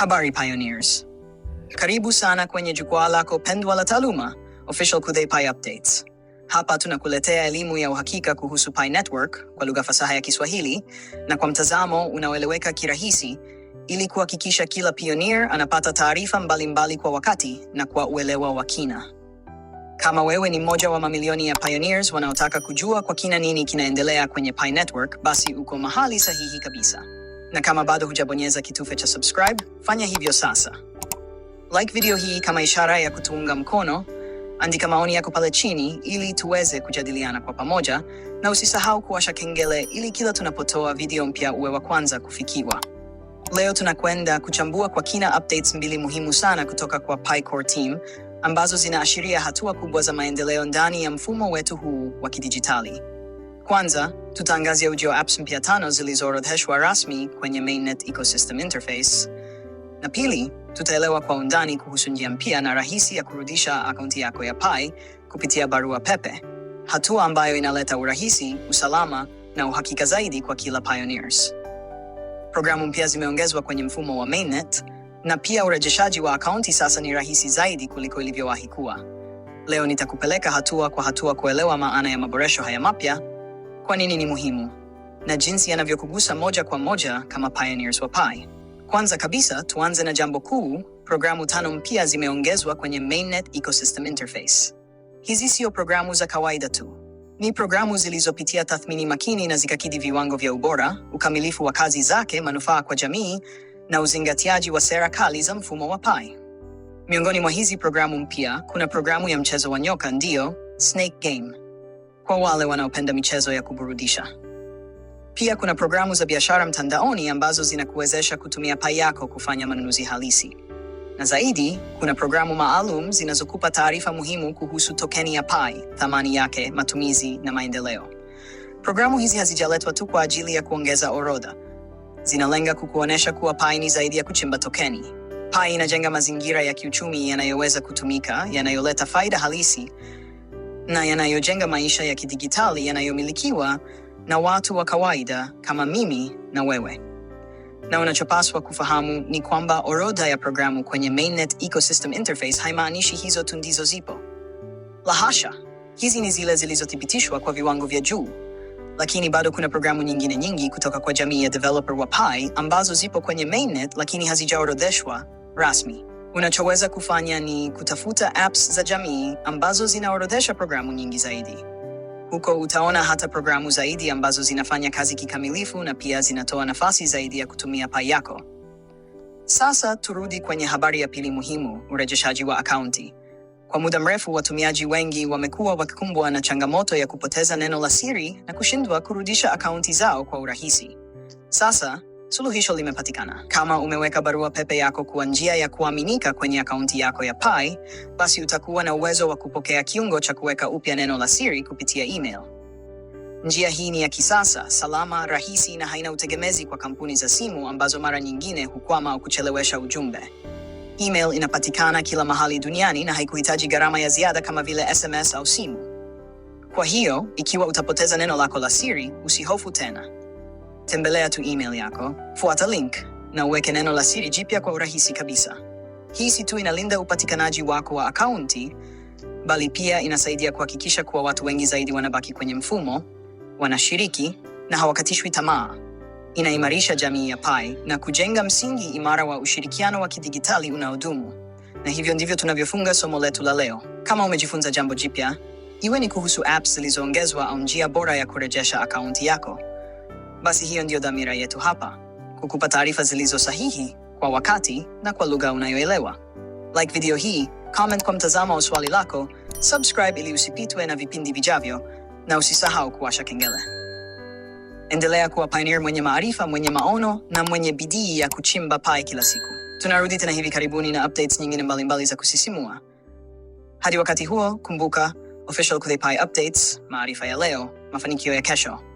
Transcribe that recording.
Habari pioneers, karibu sana kwenye jukwaa lako pendwa la taaluma Official Kudai Pi Updates. Hapa tunakuletea elimu ya uhakika kuhusu Pi Network kwa lugha fasaha ya Kiswahili na kwa mtazamo unaoeleweka kirahisi, ili kuhakikisha kila pioneer anapata taarifa mbalimbali kwa wakati na kwa uelewa wa kina. Kama wewe ni mmoja wa mamilioni ya pioneers wanaotaka kujua kwa kina nini kinaendelea kwenye Pi Network, basi uko mahali sahihi kabisa na kama bado hujabonyeza kitufe cha subscribe, fanya hivyo sasa. Like video hii kama ishara ya kutuunga mkono, andika maoni yako pale chini ili tuweze kujadiliana kwa pamoja, na usisahau kuwasha kengele ili kila tunapotoa video mpya uwe wa kwanza kufikiwa. Leo tunakwenda kuchambua kwa kina updates mbili muhimu sana kutoka kwa PyCore team ambazo zinaashiria hatua kubwa za maendeleo ndani ya mfumo wetu huu wa kidijitali. Kwanza, tutaangazia ujio apps mpya tano zilizoorodheshwa rasmi kwenye mainnet ecosystem interface, na pili, tutaelewa kwa undani kuhusu njia mpya na rahisi ya kurudisha akaunti yako ya Pi kupitia barua pepe, hatua ambayo inaleta urahisi, usalama na uhakika zaidi kwa kila pioneers. Programu mpya zimeongezwa kwenye mfumo wa mainnet na pia urejeshaji wa akaunti sasa ni rahisi zaidi kuliko ilivyowahi kuwa. Leo nitakupeleka hatua kwa hatua kuelewa maana ya maboresho haya mapya kwa nini ni muhimu na jinsi yanavyokugusa moja kwa moja kama pioneers wa Pi. Kwanza kabisa, tuanze na jambo kuu, programu tano mpya zimeongezwa kwenye mainnet ecosystem interface. Hizi sio programu za kawaida tu, ni programu zilizopitia tathmini makini na zikakidhi viwango vya ubora, ukamilifu wa kazi zake, manufaa kwa jamii na uzingatiaji wa sera kali za mfumo wa Pi. Miongoni mwa hizi programu mpya kuna programu ya mchezo wa nyoka, ndiyo Snake Game kwa wale wanaopenda michezo ya kuburudisha. Pia kuna programu za biashara mtandaoni ambazo zinakuwezesha kutumia Pai yako kufanya manunuzi halisi. Na zaidi, kuna programu maalum zinazokupa taarifa muhimu kuhusu tokeni ya Pai, thamani yake, matumizi na maendeleo. Programu hizi hazijaletwa tu kwa ajili ya kuongeza orodha. Zinalenga kukuonyesha kuwa Pai ni zaidi ya kuchimba tokeni. Pai inajenga mazingira ya kiuchumi yanayoweza kutumika, yanayoleta faida halisi na yanayojenga maisha ya kidigitali yanayomilikiwa na watu wa kawaida kama mimi na wewe. Na unachopaswa kufahamu ni kwamba orodha ya programu kwenye Mainnet Ecosystem Interface haimaanishi hizo tu ndizo zipo. Lahasha, hizi ni zile zilizothibitishwa kwa viwango vya juu, lakini bado kuna programu nyingine nyingi kutoka kwa jamii ya developer wa Pi ambazo zipo kwenye Mainnet lakini hazijaorodheshwa rasmi. Unachoweza kufanya ni kutafuta apps za jamii ambazo zinaorodhesha programu nyingi zaidi. Huko utaona hata programu zaidi ambazo zinafanya kazi kikamilifu na pia zinatoa nafasi zaidi ya kutumia Pai yako. Sasa turudi kwenye habari ya pili muhimu, urejeshaji wa akaunti. Kwa muda mrefu, watumiaji wengi wamekuwa wakikumbwa na changamoto ya kupoteza neno la siri na kushindwa kurudisha akaunti zao kwa urahisi. Sasa suluhisho limepatikana. Kama umeweka barua pepe yako kuwa njia ya kuaminika kwenye akaunti yako ya Pi, basi utakuwa na uwezo wa kupokea kiungo cha kuweka upya neno la siri kupitia email. Njia hii ni ya kisasa, salama, rahisi na haina utegemezi kwa kampuni za simu ambazo mara nyingine hukwama au kuchelewesha ujumbe. Email inapatikana kila mahali duniani na haikuhitaji gharama ya ziada kama vile SMS au simu. Kwa hiyo, ikiwa utapoteza neno lako la siri, usihofu tena tembelea tu email yako, fuata link na uweke neno la siri jipya kwa urahisi kabisa. Hii si tu inalinda upatikanaji wako wa akaunti, bali pia inasaidia kuhakikisha kuwa watu wengi zaidi wanabaki kwenye mfumo, wanashiriki na hawakatishwi tamaa. Inaimarisha jamii ya Pi na kujenga msingi imara wa ushirikiano wa kidigitali unaodumu. Na hivyo ndivyo tunavyofunga somo letu la leo. Kama umejifunza jambo jipya, iwe ni kuhusu apps zilizoongezwa au njia bora ya kurejesha akaunti yako basi hiyo ndiyo dhamira yetu hapa, kukupa taarifa zilizo sahihi kwa wakati na kwa lugha unayoelewa. Like video hii, comment kwa mtazamo wa swali lako, subscribe ili usipitwe na vipindi vijavyo, na usisahau kuwasha kengele. Endelea kuwa pioneer mwenye maarifa, mwenye maono na mwenye bidii ya kuchimba pai kila siku. Tunarudi tena hivi karibuni na updates nyingine mbalimbali za kusisimua. Hadi wakati huo, kumbuka Official Khudhey Pi updates, maarifa ya leo, mafanikio ya kesho.